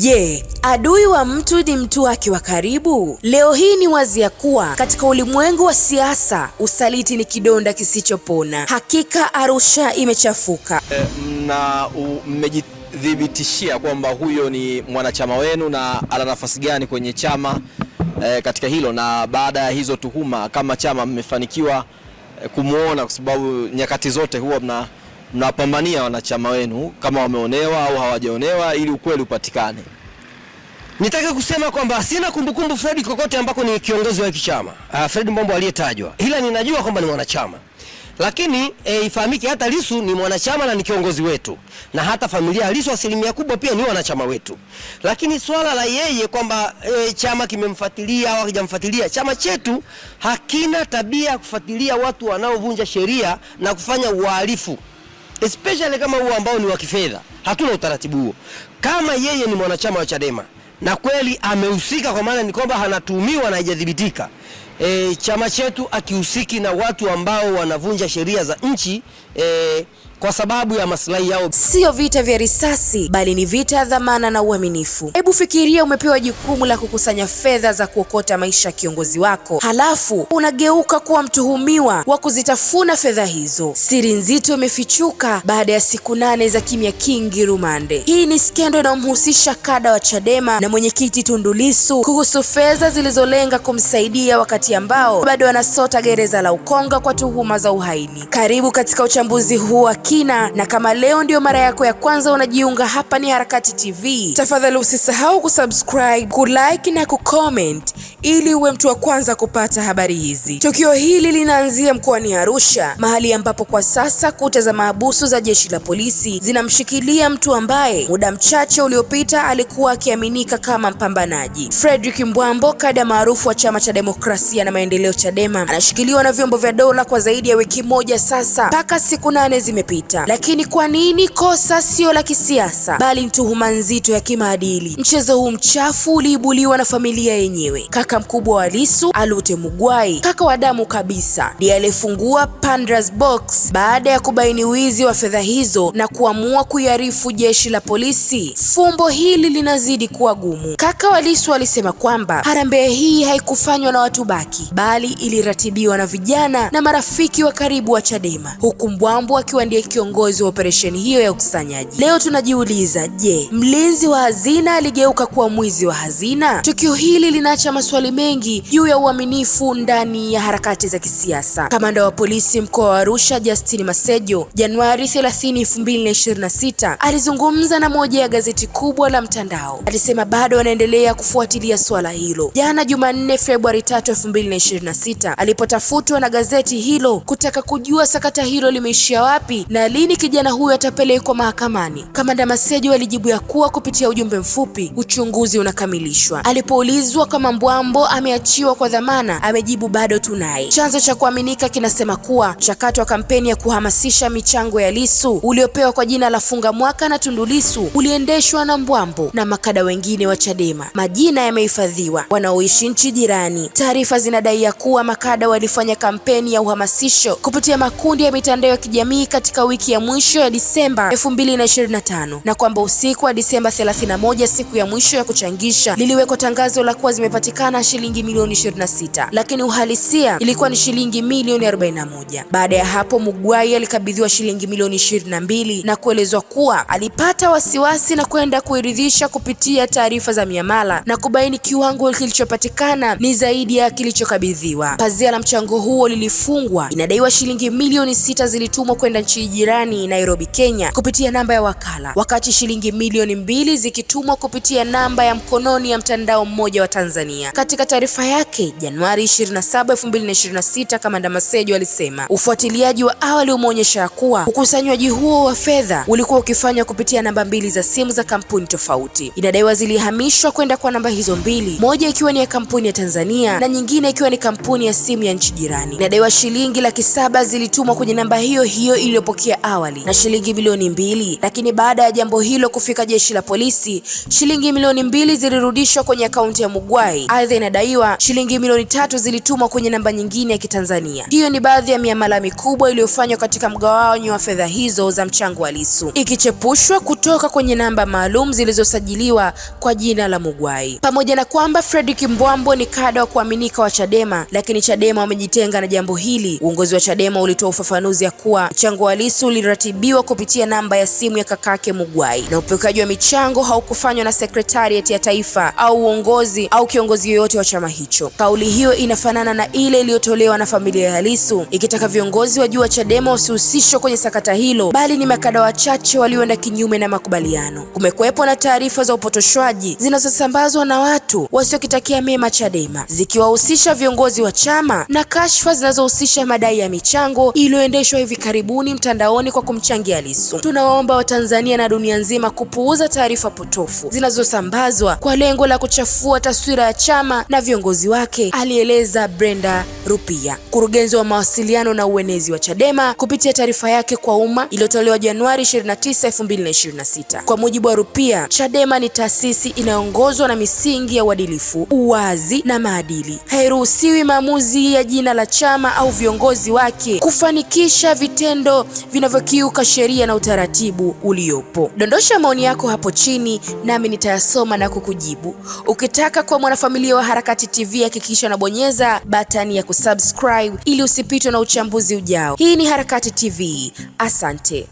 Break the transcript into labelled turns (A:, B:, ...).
A: Je, adui wa mtu ni mtu wake wa karibu? Leo hii ni wazi ya kuwa katika ulimwengu wa siasa usaliti ni kidonda kisichopona. Hakika Arusha imechafuka.
B: E, na mmejidhibitishia kwamba huyo ni mwanachama wenu na ana nafasi gani kwenye chama e, katika hilo? Na baada ya hizo tuhuma, kama chama mmefanikiwa e, eh, kumwona? Kwa sababu nyakati zote huwa mna mnapambania wanachama wenu kama wameonewa au hawajaonewa ili ukweli upatikane. Nitaka kusema kwamba sina kumbukumbu Fred kokote ambako ni kiongozi wa hiki chama uh, Fred Mbombo aliyetajwa, ila ninajua kwamba ni mwanachama lakini e, eh, ifahamike hata Lisu ni mwanachama na ni kiongozi wetu, na hata familia ya Lisu asilimia kubwa pia ni wanachama wetu. Lakini swala la yeye kwamba e, chama kimemfuatilia au hakijamfuatilia, chama chetu hakina tabia ya kufuatilia watu wanaovunja sheria na kufanya uhalifu especially kama huo ambao ni wa kifedha. Hatuna utaratibu huo. Kama yeye ni mwanachama wa Chadema na kweli amehusika, kwa maana ni kwamba anatuhumiwa na haijadhibitika. E, chama chetu akihusiki na watu ambao wanavunja sheria za nchi e, kwa sababu ya maslahi yao.
A: Siyo vita vya risasi, bali ni vita ya dhamana na uaminifu. Hebu fikiria, umepewa jukumu la kukusanya fedha za kuokota maisha ya kiongozi wako, halafu unageuka kuwa mtuhumiwa wa kuzitafuna fedha hizo. Siri nzito imefichuka baada ya siku nane za kimya kingi rumande. Hii ni skendo inayomhusisha kada wa Chadema na mwenyekiti Tundu Lissu kuhusu fedha zilizolenga kumsaidia wakati ambao bado anasota gereza la Ukonga kwa tuhuma za uhaini. Karibu katika uchambuzi huu kina, na kama leo ndio mara yako ya kwanza unajiunga hapa ni Harakati TV, tafadhali usisahau kusubscribe, kulike na kucomment ili uwe mtu wa kwanza kupata habari hizi. Tukio hili linaanzia mkoani Arusha, mahali ambapo kwa sasa kuta za mahabusu za jeshi la polisi zinamshikilia mtu ambaye muda mchache uliopita alikuwa akiaminika kama mpambanaji. Fredrick Mbwambo, kada maarufu wa chama cha demokrasia na maendeleo Chadema, anashikiliwa na vyombo vya dola kwa zaidi ya wiki moja sasa, mpaka siku nane zimepita vita. Lakini kwa nini kosa sio la kisiasa, bali ni tuhuma nzito ya kimaadili? Mchezo huu mchafu uliibuliwa na familia yenyewe. Kaka mkubwa wa Lissu, Alute Mugwai, kaka wa damu kabisa, ndiye alifungua Pandora's Box baada ya kubaini wizi wa fedha hizo na kuamua kuiarifu jeshi la polisi. Fumbo hili linazidi kuwa gumu. Kaka wa Lissu alisema kwamba harambee hii haikufanywa na watu baki, bali iliratibiwa na vijana na marafiki wa karibu wa Chadema, huku Mbwambo akiwa ndiye kiongozi wa operesheni hiyo ya ukusanyaji. Leo tunajiuliza, je, mlinzi wa hazina aligeuka kuwa mwizi wa hazina? Tukio hili linaacha maswali mengi juu ya uaminifu ndani ya harakati za kisiasa. Kamanda wa polisi mkoa wa Arusha Justin Masejo, Januari 30, 2026 alizungumza na moja ya gazeti kubwa la mtandao. Alisema bado wanaendelea kufuatilia swala hilo. Jana Jumanne Februari 3, 2026 alipotafutwa na gazeti hilo kutaka kujua sakata hilo limeishia wapi na na lini kijana huyo atapelekwa mahakamani? Kamanda Masejo alijibu ya kuwa kupitia ujumbe mfupi uchunguzi unakamilishwa. Alipoulizwa kama Mbwambo ameachiwa kwa dhamana, amejibu bado tunaye. Chanzo cha kuaminika kinasema kuwa mchakato wa kampeni ya kuhamasisha michango ya Lissu uliopewa kwa jina la Funga Mwaka na Tundu Lissu uliendeshwa na Mbwambo na makada wengine wa Chadema. Majina yamehifadhiwa wanaoishi nchi jirani. Taarifa zinadai ya kuwa makada walifanya kampeni ya uhamasisho kupitia makundi ya mitandao ya kijamii katika wiki ya mwisho ya Disemba 2025 na kwamba usiku wa Disemba 31, siku ya mwisho ya kuchangisha, liliwekwa tangazo la kuwa zimepatikana shilingi milioni 26, lakini uhalisia ilikuwa ni shilingi milioni 41. Baada ya hapo, Mugwai alikabidhiwa shilingi milioni 22 na kuelezwa kuwa alipata wasiwasi na kwenda kuiridhisha kupitia taarifa za miamala na kubaini kiwango kilichopatikana ni zaidi ya kilichokabidhiwa. Pazia la mchango huo lilifungwa. Inadaiwa shilingi milioni sita zilitumwa kwenda nchi jirani Nairobi, Kenya kupitia namba ya wakala, wakati shilingi milioni mbili zikitumwa kupitia namba ya mkononi ya mtandao mmoja wa Tanzania. Katika taarifa yake Januari 27, 2026, Kamanda Masejo alisema ufuatiliaji wa awali umeonyesha kuwa ukusanywaji huo wa fedha ulikuwa ukifanywa kupitia namba mbili za simu za kampuni tofauti. Inadaiwa zilihamishwa kwenda kwa namba hizo mbili, moja ikiwa ni ya kampuni ya Tanzania na nyingine ikiwa ni kampuni ya simu ya nchi jirani. Inadaiwa shilingi laki saba zilitumwa kwenye namba hiyo hiyo iliyopokea kufikia awali na shilingi milioni mbili, lakini baada ya jambo hilo kufika jeshi la polisi, shilingi milioni mbili zilirudishwa kwenye akaunti ya Mugwai. Aidha, inadaiwa shilingi milioni tatu zilitumwa kwenye namba nyingine ya Kitanzania. Hiyo ni baadhi ya miamala mikubwa iliyofanywa katika mgawanyo wa fedha hizo za mchango wa Lissu, ikichepushwa kutoka kwenye namba maalum zilizosajiliwa kwa jina la Mugwai. Pamoja na kwamba Fredrick Mbwambo ni kada wa kuaminika wa Chadema, lakini Chadema wamejitenga na jambo hili. Uongozi wa Chadema ulitoa ufafanuzi ya kuwa mchango wa Lissu Lissu uliratibiwa kupitia namba ya simu ya kakake Mugwai, na upelekaji wa michango haukufanywa na sekretarieti ya taifa au uongozi au kiongozi yoyote wa chama hicho. Kauli hiyo inafanana na ile iliyotolewa na familia ya Lissu ikitaka viongozi wa juu wa Chadema wasihusishwe kwenye sakata hilo, bali ni makada wachache walioenda kinyume na makubaliano. Kumekuwepo na taarifa za upotoshwaji zinazosambazwa na watu wasiokitakia mema Chadema, zikiwahusisha viongozi wa chama na kashfa zinazohusisha madai ya michango iliyoendeshwa hivi karibuni mtandao mtandaoni kwa kumchangia Lissu. Tunawaomba Watanzania na dunia nzima kupuuza taarifa potofu zinazosambazwa kwa lengo la kuchafua taswira ya chama na viongozi wake, alieleza Brenda Rupia. Mkurugenzi wa mawasiliano na uenezi wa Chadema kupitia taarifa yake kwa umma iliyotolewa Januari 29, 2026. Kwa mujibu wa Rupia, Chadema ni taasisi inayoongozwa na misingi ya uadilifu, uwazi na maadili. Hairuhusiwi maamuzi ya jina la chama au viongozi wake kufanikisha vitendo vinavyokiuka sheria na utaratibu uliopo. Dondosha maoni yako hapo chini nami nitayasoma na kukujibu. Ukitaka kwa mwanafamilia wa Harakati TV hakikisha unabonyeza batani ya kusubscribe ili usipitwe na uchambuzi ujao. Hii ni Harakati TV. Asante.